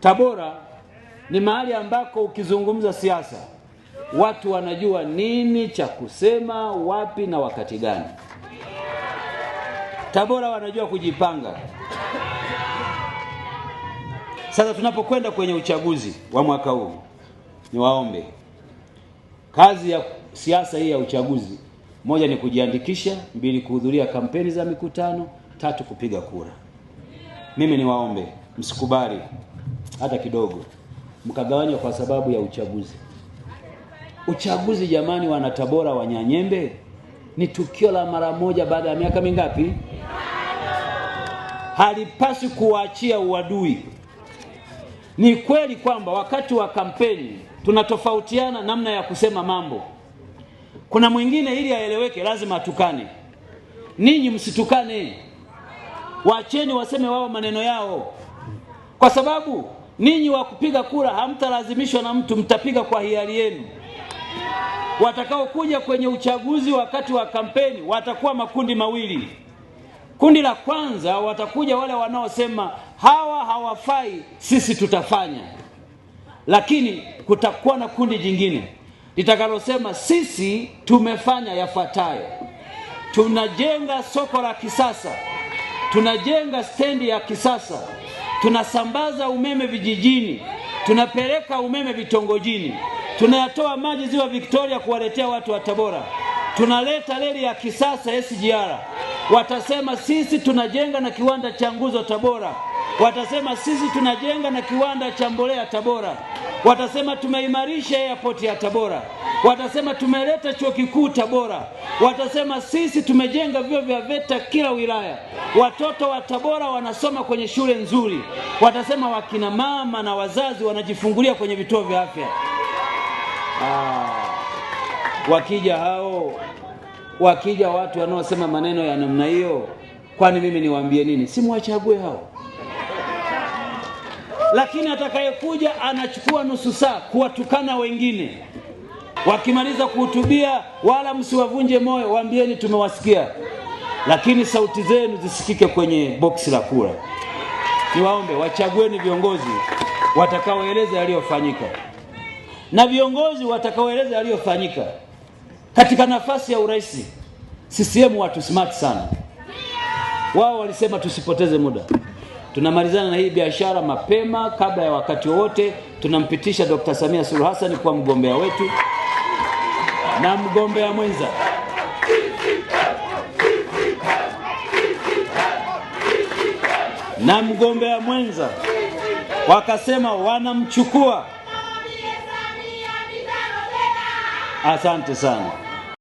Tabora ni mahali ambako ukizungumza siasa watu wanajua nini cha kusema wapi na wakati gani. Tabora wanajua kujipanga. Sasa tunapokwenda kwenye uchaguzi wa mwaka huu, niwaombe kazi ya siasa hii ya uchaguzi, moja ni kujiandikisha, mbili kuhudhuria kampeni za mikutano, tatu kupiga kura. Mimi niwaombe msikubali hata kidogo, mkagawanya kwa sababu ya uchaguzi. Uchaguzi jamani, wana Tabora, Wanyanyembe, ni tukio la mara moja baada ya miaka mingapi? Halipasi kuwaachia uadui. Ni kweli kwamba wakati wa kampeni tunatofautiana namna ya kusema mambo. Kuna mwingine ili aeleweke lazima atukane, ninyi msitukane, wacheni waseme wao maneno yao, kwa sababu Ninyi wa kupiga kura hamtalazimishwa na mtu, mtapiga kwa hiari yenu. Watakaokuja kwenye uchaguzi wakati wa kampeni watakuwa makundi mawili. Kundi la kwanza watakuja wale wanaosema hawa hawafai, sisi tutafanya, lakini kutakuwa na kundi jingine litakalosema sisi tumefanya yafuatayo: tunajenga soko la kisasa, tunajenga stendi ya kisasa tunasambaza umeme vijijini, tunapeleka umeme vitongojini, tunayatoa maji ziwa Victoria kuwaletea watu wa Tabora, tunaleta reli ya kisasa SGR. Watasema sisi tunajenga na kiwanda cha nguzo Tabora, watasema sisi tunajenga na kiwanda cha mbolea Tabora, watasema tumeimarisha airport ya Tabora watasema tumeleta chuo kikuu Tabora, watasema sisi tumejenga vyuo vya VETA kila wilaya, watoto wa Tabora wanasoma kwenye shule nzuri, watasema wakina mama na wazazi wanajifungulia kwenye vituo vya afya. Ah, wakija hao, wakija watu wanaosema maneno ya namna hiyo, kwani mimi niwaambie nini? Simwachague hao lakini atakayekuja anachukua nusu saa kuwatukana wengine, Wakimaliza kuhutubia, wala msiwavunje moyo, waambieni tumewasikia, lakini sauti zenu zisikike kwenye boksi la kura. Niwaombe wachagueni viongozi watakaoeleza yaliyofanyika na viongozi watakaoeleza yaliyofanyika katika nafasi ya urais. CCM watu smart sana, wao walisema tusipoteze muda, tunamalizana na hii biashara mapema kabla ya wakati wowote. Tunampitisha Dr. Samia Suluhu Hassan kuwa mgombea wetu na mgombea mwenza na mgombea mwenza wakasema wanamchukua. Asante sana.